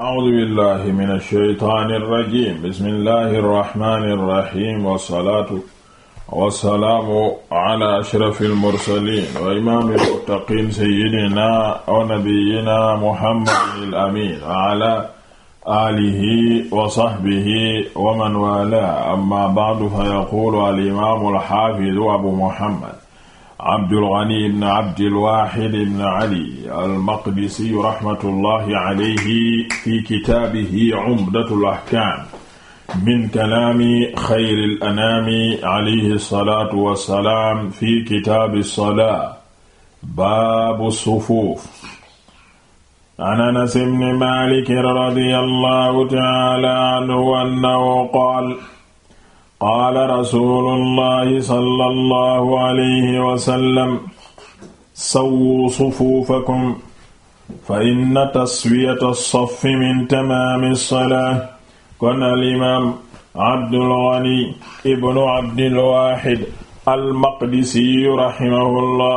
a'uudu billahi min alsheytaani alrajim bismillahi arrahmani irrahim wassalaatu wassalaamu ala ashrafi almursalin wa imaami almuttaqiin sayyidina wa nabiyyina muhammadin al-amiin wa ala aalihi wa sahbihi wa man waalaahu amma ba'du fa yaquulu al-imaamu al-haafidu abu muhammad Abdul Ghani ibn Abdil Wahid ibn Ali al-Maqdisi rahmatullahi alayhi fi kitaabihi Umdatul Ahkaam min kalaami xayril anaami alayhi salaatu wa salaam fi kitaabi salaa baabu sufuuf. An Anas ibn Maalik radiyallahu ta'aala anhu annahu qaala qaala rasuulullahi sallallahu alayhi wa sallam sawwuu sufuufakum fa inna taswiyata saffi min tamaami salaa kon alimaam Abdul Ghani ibnu Abdil Waahid al-Maqdisiyu rahimahullah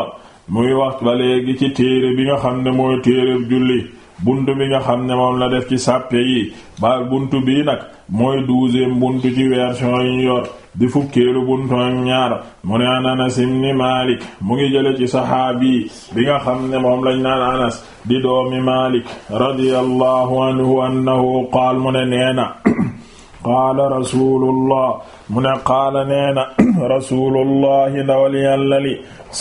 muy wax ba léegi ci téere bi nga xam ne mooy téereb julli buntu bi nga xam ne moom la def ci sàppe yi baal buntu bii nag mooy douzième buntu ci version yi ñu di fukkeelu buntu ak ñaar mu an anas ibn malik mu ngi jële ci saxaabi bi nga xam ne moom lañ naan anas di doomi malik radiyallahu anhu annahu qaal mu ne nee na qaala rasulullah mu ne qaala nee na rasulullahi ndawal yàlla li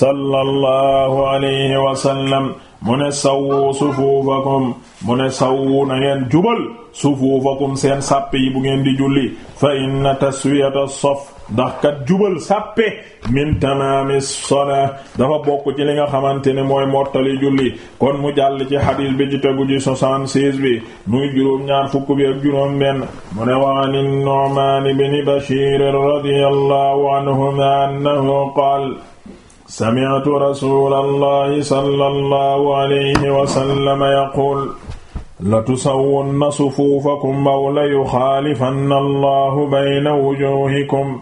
sallallahu alayhi wa sallam mu ne sawwu sufuufakum mu ne sawwu na ngeen jubal sufuufakum seen sàppe yi bu ngeen di julli fa inna taswiyata saf ndax kat jubal sàppe min tamaami sola dafa bokk ci li nga xamante ne mooy mottali julli kon mu jàll ci xadiis bi ci tegu ci 76 bi muy juróom-ñaar fukk ak juróom benn mu ne wa an Nu'maan ibn Bashiir radiyallahu anhumaa annahu sami'tu rasuulallahi sallallahu alayhi wa sallam yaquul latusawwunna sufuufakum aw layuxaalifanna allahu bayna wujuuhikum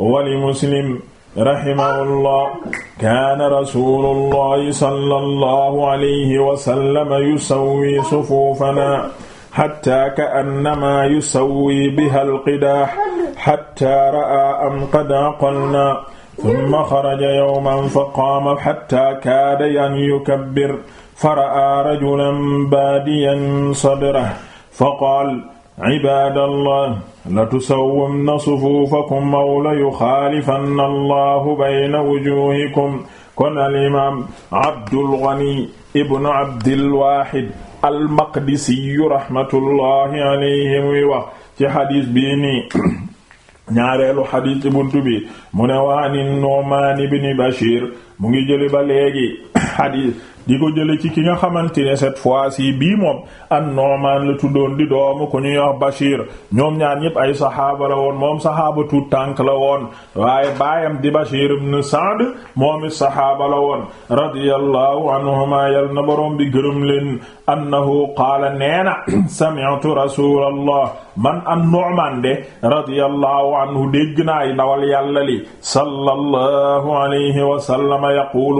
wa li muslim rahimahullah kaana rasuulullahi sallallahu alayhi wa sallam yusawwi sufuufanaa xatta ka'annamaa yusawwi bihaa alqidaax xatta ra'aa am qad aqalnaa tumma xaraja yawman fa qaama xatta kaada an yukabbir fa ra'aa rajulan baadiyan sadrahu fa qaala cibaadallah latusawwunna sufuufakum aw layuxaalifanna allahu bayna wujuuhikum kon alimaam Abdul Ghani ibnu Abdil Waahid al-Maqdisiyu rahmatullahi alayhi muy wax ci xadiis bii nii ñaareelu xadiis ci buntu bi mu ne waa ni Nu'maan ibn Bashir mu ngi jëli ba léegi xadiis di ko jële ci ki nga xamante ne cette fois ci bii moom a Nu'man la tuddoon di doomu ku ñu wax Bashir ñoom ñaar ñëpp ay saxaaba la woon moom saxaaba tuut tànk la woon waaye baayam di Bashir ibn Sa'd moom it saxaaba la woon radiyallahu anhuma yal na boroom bi gërëm leen annahu qaala neena sami'tu rasulallah man an Nu'man de radiyallahu anhu dégg naay ndawal li sallallahu alayhi wa sallam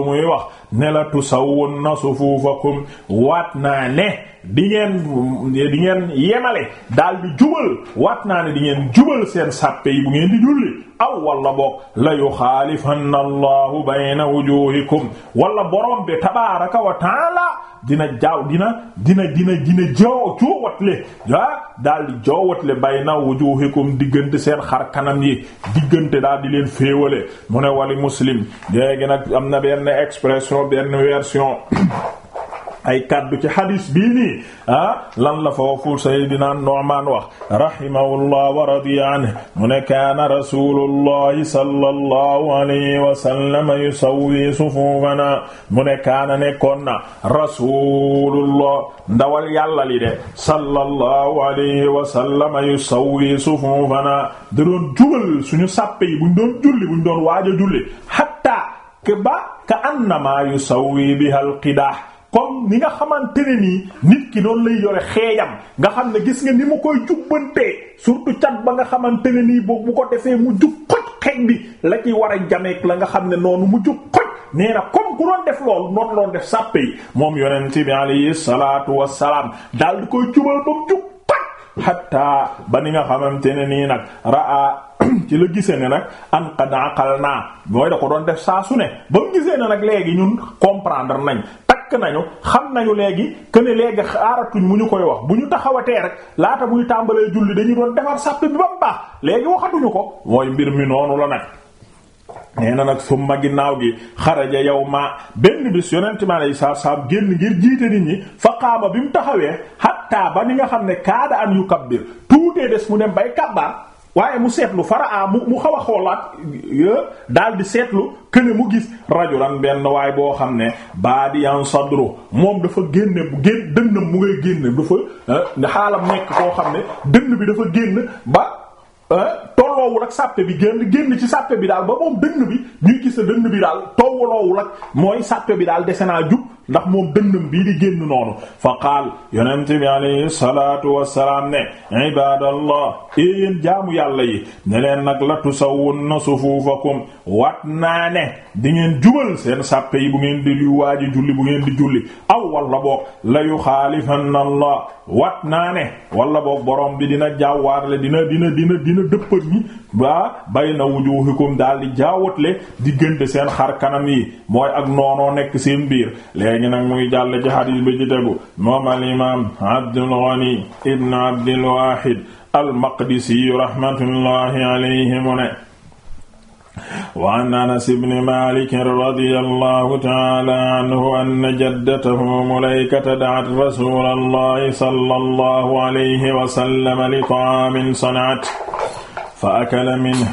muy wax ne la tusawwun yaqulunna sufufakum waat naa ne di ngeen di ngeen yemale daal di jubal waat naa ne di ngeen jubal seen sappe yi bu ngeen di julli aw wala boog la yuxaalifanna allahu bayna wujuhikum wala borom bi tabaraka wa taala dina jaaw dina dina dina dina joow joowatle ah daal di joowatle bayna wujuhikum diggante seen xar kanam yi diggante daal di leen féewale mu ne wali muslim léegi nag am na benn expression benn version ay kaddu ci hadis bii nii ah lan la fa waxul saydina Nu'man wax rahimahullah wa radiya anhu mu ne kaana rasulullahi sallallahu alayhi wa sallam yusawwi sufufana mu ne kaana nekkoon na rasulullah ndawal yàlla li de sallallahu alayhi wa sallam yusawwi sufufana da doon jubal suñu sàppe yi buñ doon julli buñ doon waaja julli hatta ke ba ka annama yusawwi biha alqidah comme ni nga xamante ne nii nit ki noonu lay yore xeejam nga xam ne gis nga ni mu koy jubbantee surtout cat ba nga xamante ne nii boobu bu ko defee mu jub xoj xeej bi la ci war a jameek la nga xam ne noonu mu jub xoj nee na ku doon def loolu noonu doon def sàppe yi moom yonent bi alayhi salaatu wassalaam daal di koy jubal ba ba ni nga xamante ne nii nag raa ci la gisee ne nag an qad mooy da ko doon def saa su ne ba mu gisee ne nag léegi ñun comprendre nañ takk nañu xam nañu léegi que ne léegi xaaratuñ mu ñu koy wax bu ñu taxawatee rek laata buy tàmbalee julli dañuy doon defar sàpp bi ba mu baax léegi waxatuñu ko mooy mbir mi noonu la nag. nee na nag summa ginnaaw gi xaraja yow ma benn bis yonent mi alayhi salaatu salaam génn ngir jiite nit ñi fa qaama bi mu taxawee hatta ba ni nga xam ne kaada an yukabbir tuutee des mu dem bay kabbaar waaye mu seetlu faraa mu mu xaw a xoolaat daal di seetlu këne mu gis rajulan benn waay boo xam ne baa baadiyan sadru moom dafa génne génn dënnam mu ngay génn dafa eh, xaalam nekk koo xam ne dënn bi dafa génn ba eh, tolloowul ak sàppe bi génn génn ci sàppe bi daal ba moom dënn bi ñuy gis sa dënn bi daal tollowul ak mooy sàppe bi daal dese naa jub ndax moom dënnam bii di génn noonu fa qaal yonent bi alayhi salatu wasalaam ne ibadallah yéen jaamu yàlla yi ne leen nag la tusawwunna sufuufakum wat naa ne di ngeen jubal seen sàppe yi bu ngeen di waaji julli bu ngeen di julli aw wala boog la yuxaalifanna allah wat naa ne wala boog borom bi dina jawwaarle dina dina dina dina wujuuhikum ba bayna wujuuhikum daal di jaawatle diggante seen xar kanam yi mooy ak noonoo nekk seen biir léegi nag muy jàll ci xadiis bi ci tegu moom al imaam Abdul Ghani ibn Abdul Wahid al Maqdisi rahmatullahi alayhi mu wa an anas ibni malik radi allahu taala anhu anna jaddatahu mulaykata da'at rasula allahi sallallahu alayhi wa sallam li ta'aamin sana'at fa akala minhu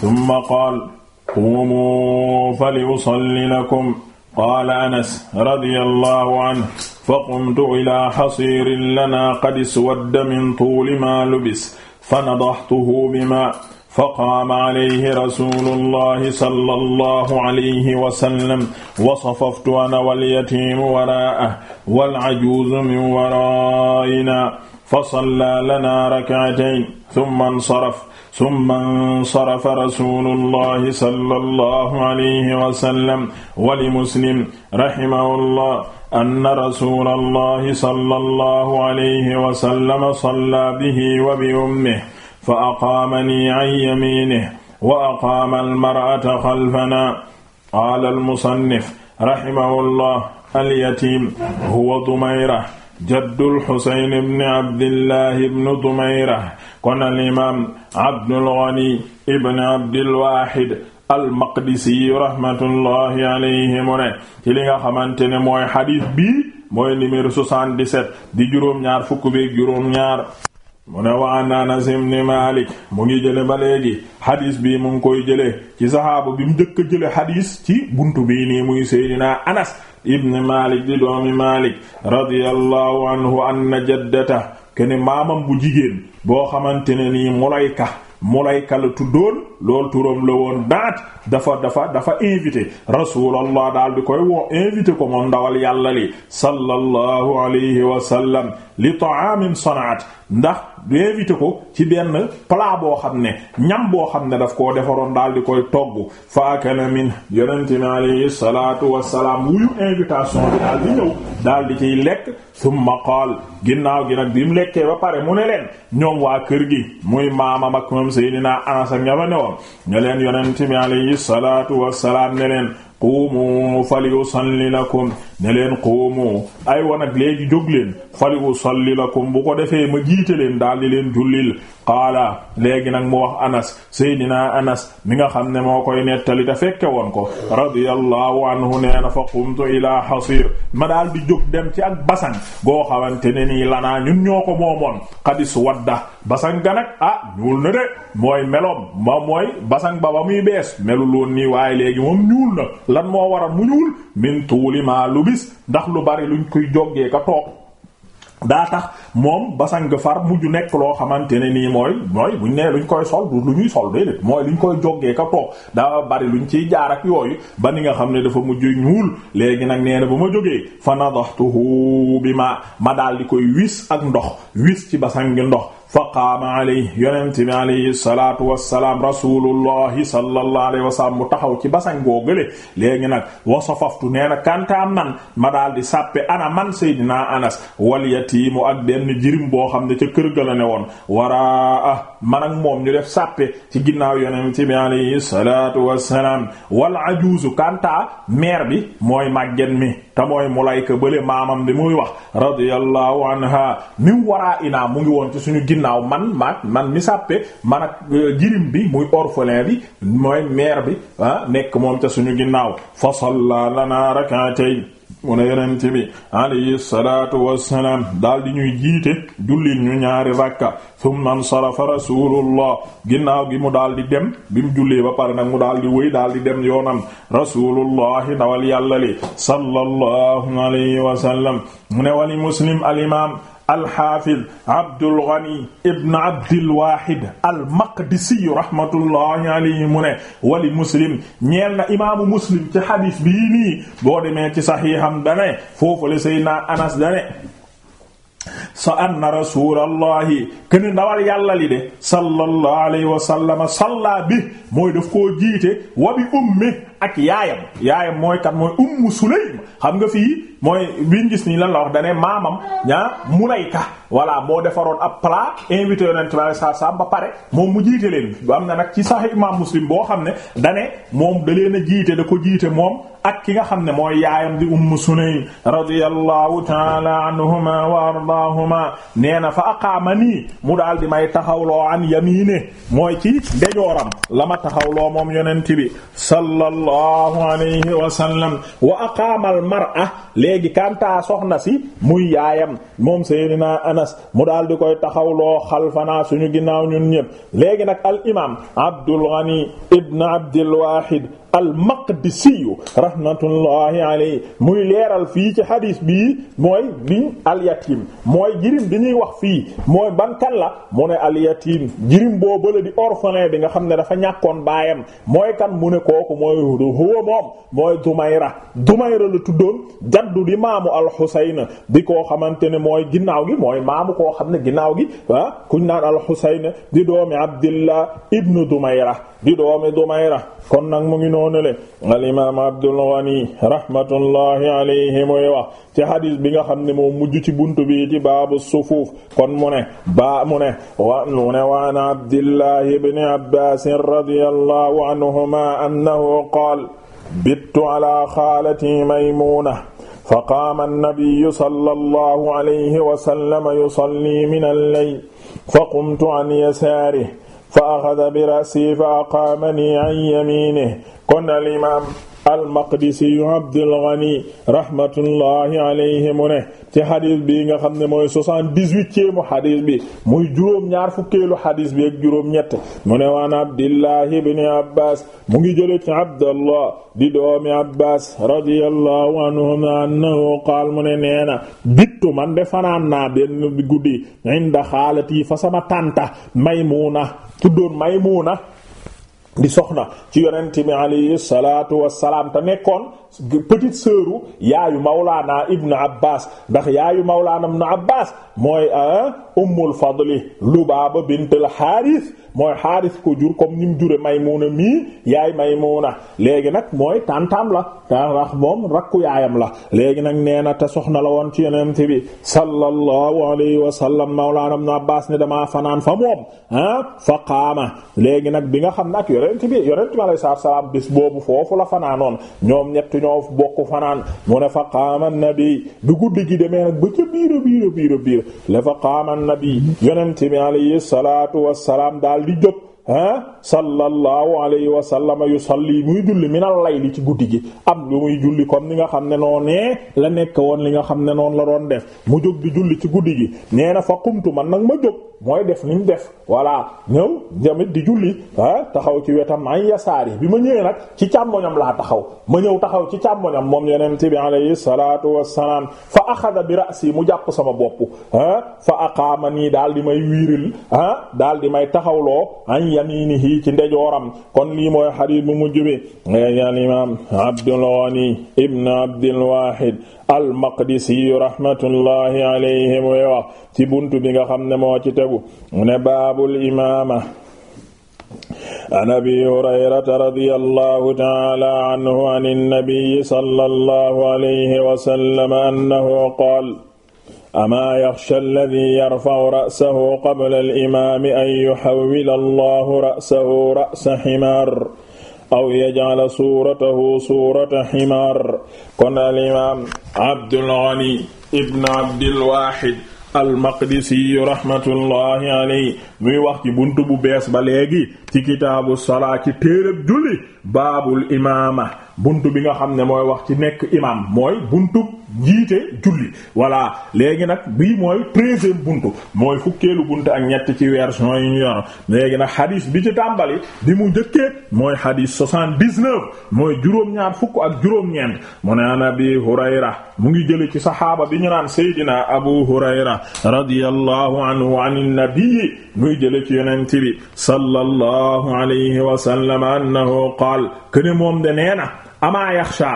thumma qaala quumuu falyusalli lakum qaala anas radiyallahu anhu faqumtu ilaa hasiirin lanaa qad iswadda min tuuli maa lubis fanadahtuhu bimaa faqaama alayhi rasuulullahi sallallahu alayhi wa sallam wa safaftu ana walyatiimu waraa'ahu walcajuuzu min waraa'inaa fasallaa lanaa rak'atayni thumma insarafa summa nsarafa rasulullahi sallallahu alayhi wa sallam wa li muslim rahimahullah anna rasulallahi sallallahu alayhi wa sallam salla bihi wa bi ummihi fa aqaamanii an yamiinihi wa aqaama almar'ata xalfanaa qaala almusannif rahimahullah alyatiim huwa dumayra jaddul xusayn ibn abdillahi ibn dumayra kon al imaam abdul ghani ibn abdil waahid almaqdisiyu rahmatullahi alayhi mu ne ci li nga xamante ne mooy xadiis bii mooy numéro 77 di juróom-ñaar fukk beeg juróom mu ne wa an Anas ibn Malik mu ngi jële ba léegi xadis bi mu ngi koy jële ci saxaaba bi mu njëkk jële xadis ci buntu bii nii muy Seydina Anas ibn Malik di doomi Malik radiyallahu anhu anna kene maamam bu jigéen boo xamante ne nii Mulayka Mulayka la tuddoon loolu turam la woon daat dafa dafa dafa invité rasulallah daal di koy woo invité ko moom ndawal yàlla li sallallahu alayhi wa li ta'amin sanaat ndax invité ko ci benn plat boo xam ne ñam boo xam ne daf koo defaroon daal di koy togg fa akala min yonente mi alayhi salatu wasalaam wuyu invitation daal di ñëw daal di ciy lekk summa qaal ginnaaw gi nag bi mu lekkee ba pare mu ne leen ñoom waa kër gi muy maamam ak moom Seydina Anas ak ña fa newoon ne leen yonente mi alayhi salatu wasalaam ne leen qumu falyusalli lakum ne leen qoomu ay wan ak léegi jóg leen fali usalli lakum bu ko defee ma jiite leen daal di leen jullil qaala léegi nag mu wax anas seydina anas mi nga xam ne moo koy nettali te fekke woon ko radiyallahu anhu nee na fa qumtu ila hasir ma daal di jóg dem ci ak basan goo xamante ne nii lanaa ñun ñoo ko moomoon xadis wadda basan ga nag a ah, ñuul na de mooy meloom ma mooy basan ba ba muy bees meluloon ni waaye léegi moom ñuul na lan moo waral mu ñuul min iblis ndax lu bari luñ koy joggee ka toog daa tax moom basang far mujj nekk loo xamante ne nii mooy mooy buñ nee luñ koy sol lu ñuy sol déedéet mooy luñ koy joggee ka toog daa bari luñ ciy jaar ak yooyu ba ni nga xam ne dafa mujj ñuul léegi nag nee bu ma jógee fa nadaxtuhu bi ma ma daal di koy wis ak ndox wis ci basang ndox fa qaama alayhi yonente bi alayhi salaatu wassalaam rasulullahi sallallahu alayhi wa sallam mu taxaw ci basan googale léegi nag wasafaftu nee na kantaa man ma daal di sàppe ana man seydina anas wal yatiimu ak benn jirim boo xam ne ca kër ga ne woon waraa man ak moom ñu def sàppe ci ginnaaw yonente bi alayhi salaatu wassalaam wal ajuuzu kantaa meer bi mooy màggen mi te mooy mulayka bële maamam bi muy wax radiyallahu anha min waraa inaa ngi woon ci ginnaaw man maag man mi sàppe man ak euh, jirim bi muy orphelin bi mooy mère bi ah nekk moom ca suñu ginnaaw fa salla lana rak'atayn mu ne yonent bi alayhi salaatu wassalaam daal di ñuy jiite jullit ñu ñaari rakka thumma ansarafa rasulullah ginnaw gi mu daal di dem bi mu jullee ba pare nag mu daal di wëy daal di dem yoonam rasulullahi ndawal yàlla li sallallahu alayhi wa mu ne wali muslim al imam alxaafiz Abdul ibn Abdil Wahid rahmatullahi alayhi wali muslim ñeel imaamu muslim ci xadis bii nii boo demee ci saxiixam dane foofu la Seydina Anas dane sa anna rasulallahi kene ndawal yàlla li de sallallahu alayhi wa sallam bi mooy daf koo wa bi ummi ak yaayam yaayam mooy kat mooy ummu sulaym xam nga fii mooy biñ gis nii lan la wax dane maamam ah mulayka voilà moo defaroon ab plat invité yonent bi saa saa ba pare moom mu jiite am na nag ci sahih imam muslim boo xam ne dane moom da leen a jiite da ko jiite moom ak ki nga xam ne mooy yaayam di ummu sulaym radiyallahu taala anhuma wa ardaahuma nee na fa aqaama nii mu daal di may taxawloo an yamiine mooy ci ndejooram la ma taxawloo moom yonent bi sallallahu sallallahu alayhi wa sallam wa aqaamal mar'a léegi kantaa soxna si muy yaayam moom Seydina Anas mu daal di koy taxawloo xalfanaa suñu ginnaaw ñun ñëpp léegi nag al imaam Abdul Ghani ibn Abdul Wahid al-Maqdisiyu rahmatullahi alayhi muy leeral fii ci hadis bii mooy liñ al-yatim mooy jirim bi ñuy wax fii mooy ban kan la mu ne al-yatim jirim boobu la di orphelin bi nga xam ne dafa ñàkkoon baayam mooy kan mu ne kooku mooy huwa moom mooy Dumayra Dumayra la tuddoon jaddu di maamu al-Husayn di ko xamante ne mooy ginnaaw gi mooy maamu koo xam ne ginnaaw gi ah kuñ naan al-Husayn di doomi Abdillah ibnu Dumayra di doomi Dumayra kon nag mu ngi noonale al imaam Abdul Ghani rahmatullahi alayhi mooy wax ci hadis bi nga xam ne moom mujj ci buntu bi ci baabu sufuuf kon mu ne baa mu ne wa mu ne waan Abdillahi ibn Abbaas radiyallahu anhuma annahu qaala bittu ala xaalati Maymuna faqaama annabiyyu sallallahu alayhi wa sallam yusalli min al-layl faqumtu an yasaarihi fa axada bi rasi fa aqaamani an yaminihi kon al imaam al-Maqdisiyu Abdul Ghani rahmatullahi alayhi mu ne ci xadis bi nga xam ne mooy soixante-dix-huitième xadis bi muy juróom-ñaar fukkeelu xadis bi ak juróom-ñett mu ne waan Abdillahi ibn Abbas mu ngi jële ci Abdallah di doomi Abbas radiyallahu anhum annahu qaal mu ne nee na bittu man de fanaan naa benn guddi inda xaalati fa sama tànta Maymuna tuddoon Maymuna di soxna ci yonent bi alayhi salaatu wassalaam te nekkoon petite sœuru yaayu mawlaana ibnu abbas ndax yaayu mawlaana ibnu abbas mooy ah, ummul fadli lubaaba bintul xaaris mooy xaaris ko jur comme ni mu jure maymuna mii yaay maymuna léegi nag mooy tantam la ta wax moom rakku yaayam la léegi nag nee na te soxna la woon ci yonent bi sallallahu alayhi wa sallam mawlaana ibnu abbas damaa fanaan fa moom ah, fa qaama léegi nag bi nga xam ne ak yonent bi yonent bi alayhi salaam bis foofu la fanaanoon ñoom ñett ñoo bokk fanaan mu ne fa qaama annabi bi guddi gi demee nag ba ca biir a biir a biir a biir la fa qaama annabi yonent bi alayhi salaatu wassalaam daal di jóg ah sallallahu alayhi wa sallam yusalli muy julli minal li ci guddi gi am lu muy julli comme ni nga xam ne noonee la nekk woon li nga xam ne noonu la doon def mu jóg di julli ci guddi gi nee na fa qumtu man nag ma jóg mooy def li mu def voilà ñëw jamit di julli ah taxaw ci wetam ay yasaari bi ma ñëwee nag ci càmmoñam laa taxaw ma ñëw taxaw ci càmmoñam moom yonent bi alayhi salaatu wassalaam fa axada bi ra'si mu jàpp sama bopp ah fa aqaama nii daal di may wiiril ah daal di may taxawloo an yaminihi ci ndejooram kon lii mooy xadiis bu mujj bi al imaam Abdul Ghani ibn Abdul Wahid al Maqdisi rahmatullahi alayhi wax ci buntu bi nga xam ne moo ci tegu boobu mu ne baabul imaama an abi hurayrata radiyallahu taala anhu an annabiyi sallallahu alayhi wa sallam annahu qaala amaa yaxsha alladi yarfacu ra'sahu qabla alimaami an yuxawwila allahu ra'sahu ra'sa ximaar aw yajcala suuratahu suurata ximaar kon alimaam Abdul Ghani ibn Abdil Waahid al-Maqdisi rahmatullahi alayhi muy wax ci bunt bu bees ba léegi ci kitaabu salaa ci téeréb julli baabul imaama bunt bi nga xam ne mooy wax ci nekk imaam mooy buntu jiite julli voilà léegi nag bii mooy treizième buntu mooy fukkeelu bunt ak ñett ci version yi ñu yor léegi nag xadis bi ci tàmbali bi mu njëkkee mooy xadis soixante-dix-neuf mooy juróom-ñaar fukk ak juróom-ñeent mu ne an abi hurayra mu ngi jële ci saxaaba bi ñu naan seydina abu hurayra radiyallahu anhu an nabi koy jële ci yonent bi sallallahu alayhi wa sallam annahu qaal kene moom de nee na amaa yaxsha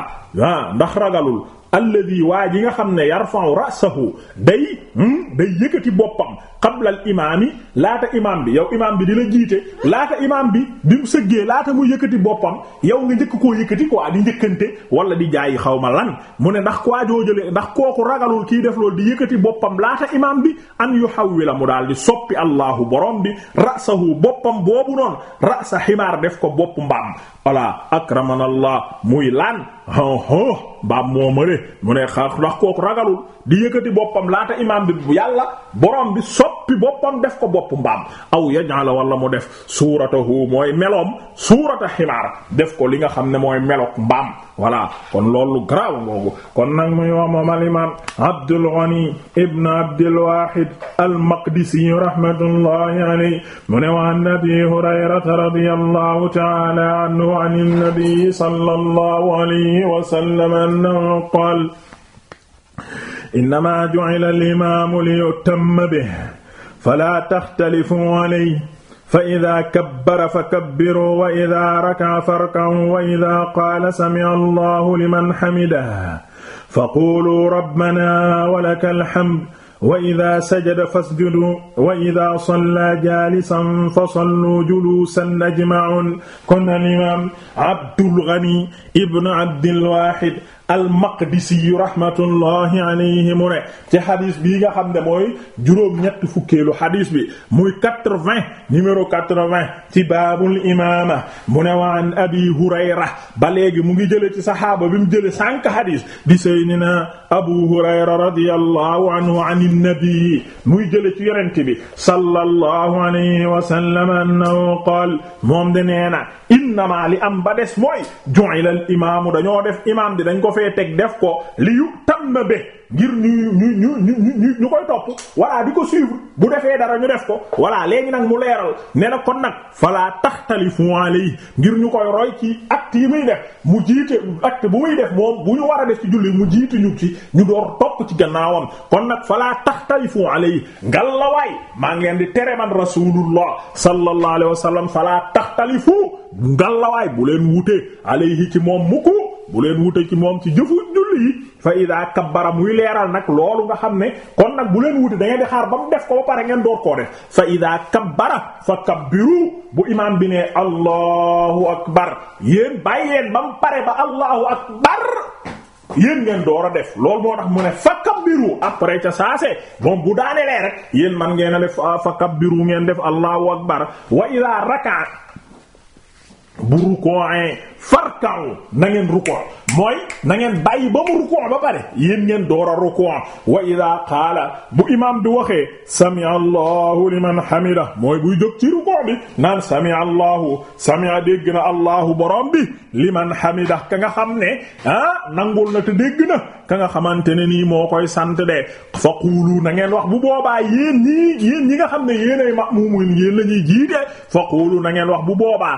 ah ndax ragalul alladi waa ji nga xam ne yarfa'u ra'sahu day hmm, day yëkkati boppam qabla al imaami laata imaam bi yow imaam bi di la jiite laata imaam bi bi mu sëggee laata mu yëkkati boppam yow nga njëkk koo yëkkati quoi di njëkkante wala di jaayi xaw ma lan mu ne ndax quoi joojale ndax kooku ragalul kii def lool di yëkkati boppam laata imaam bi an yuhawwila mu daal di soppi allahu borom bi ra'sahu boppam boobu noonu ra'sa ximaar def ko bopp mbaam wala akramanallah muy lan ho mbaam moo mëre mu ne xa ndax kooku ragalul di yëkkati boppam laata imaam bi yàlla borom bi soppi boppam def ko bopp mbaam aw yajala wala mu def suuratahu mooy meloom suurata ximaar def ko li nga xam ne mooy melok mbaam voilà kon loolu garaaw ngoogu kon nag muy wax moom al Abdul Ghani ibn Abdul Wahid al rahmatullahi alayhi mu ne wa an Abi Hurayrata radiyallahu ta'ala anhu an an-nabi sallallahu alayhi alayhi wa sallam annahu qaala innamaa ju'ila al-imaamu liyutamma bihi falaa taxtalifuu alayhi fa idaa kabbara fa kabbiruu wa idaa raka'a farka'uu wa idaa qaala sami'a allaahu liman hamidahu fa quuluu rabbanaa wa lakal hamd wa ida sajada fasjudu wa ida salla jalisan fa sallu julusan ajmaun kon al imam Abdul Ghani ibn Abdil Wahid al-Maqdisi rahmatullahi alayhi mu ne ci xadis bii nga xam ne mooy juróom ñetti fukkeelu xadis bi muy 80 numéro 80 ci baabul imaama mu ne wa an abi Hurayra ba léegi mu ngi jële ci saxaaba bi mu jële sànq xadis di sayyidina Abu Hurayra radiyallahu anhu anin nabi muy jële ci yonent bi sallallahu alayhi wa sallam annahu qaal moom de nee na innamaa li am ba des mooy ju'ila al imaamu dañoo def imaam di dañ ko fee teg def ko li yu tam na be ngir ñu ñu ñu ñu ñu koy topp voilà di ko suivre bu defee dara ñu def ko voilà léegi nag mu leeral ne na kon nag fala taxtalifu alayhi ngir ñu koy roy ci acte yi muy def mu jiite acte bu muy def moom bu ñu war a def ci julli mu jiite ñu ci ñu door topp ci gannaawam kon nag falaa taxtalifu alayhi ngal la waay maa ngi leen di tere man rasulullah sallallahu alayhi wa sallam fala taxtalifu ngal la waay bu leen wute alayhi ci moom mukku bu leen wute ci moom ci jëfu julli yi fa ida kabbara muy leeral nag loolu nga xam ne kon nag bu leen wute da ngeen di xaar ba mu def ko ba pare ngeen door koo def fa ida kabbara fa kabbiru bu imaam bi ne allahu akbar yéen bàyyi leen ba mu pare ba allahu akbar yéen ngeen door a def loolu moo tax mu ne fa kabbiru après ca saase moom bu daanelee rek yéen man ngeen a def fa kabbiru ngeen def allahu akbar wa ida raka bu rukoon farkaw na ngeen rukoon mooy na ngeen bàyyi ba mu rukoon ba pare yéen ngeen door a rukoon wa ida qaala bu imaam bi waxee sami allahu liman hamida mooy buy jóg ci rukoon bi naan sami allahu sami dégg na allahu borom bi liman hamida ka nga xam ne ah nangul na te dégg ka nga xamante ne nii moo koy sant de fa quulu na ngeen wax bu boobaa yéen ñii nga xam ne yéenay ma'mumun yéen la ñuy jiite fa quulu na ngeen wax bu boobaa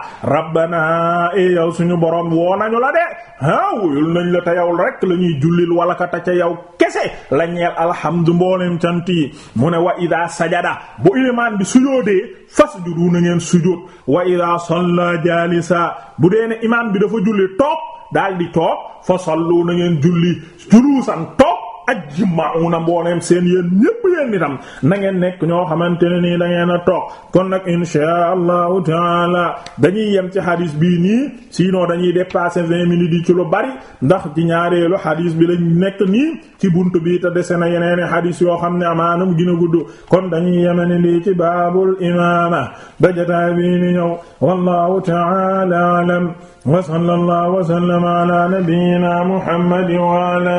rabbana e suñu borom woo nañu la de ah wóyul nañ la te yow rek la ñuy jullil wala ka ta ca yow kese la ñeel alhamdu mboolem cant yi mu ne wa ida sajada bu ilimaan bi sujoodee fasjudu na ngeen sujood wa ida salla jaalisa bu dee ne imaam bi dafa julli toog daal di toog fa sallu na julli julusan toog na mbooleem seen yéen ñépp yéen itam na ngeen nekk ñoo xamante ne nii dangeen a toog kon nag inshaa allahu taala dañuy yem ci xadis bii nii sinon dañuy dépasser vingt minutes yi ci lu bari ndax ci ñaareelu xadis bi lañ nekk nii ci bunt bi te dese na yeneeni xadis yoo xam ne amaanam gën a gudd kon dañuy yemene lii ci baabul imaama ba jotaay bii ni ñëw wallahu taala alam wa sallallahu wa sallama ala nabiyyina muhammad wa ala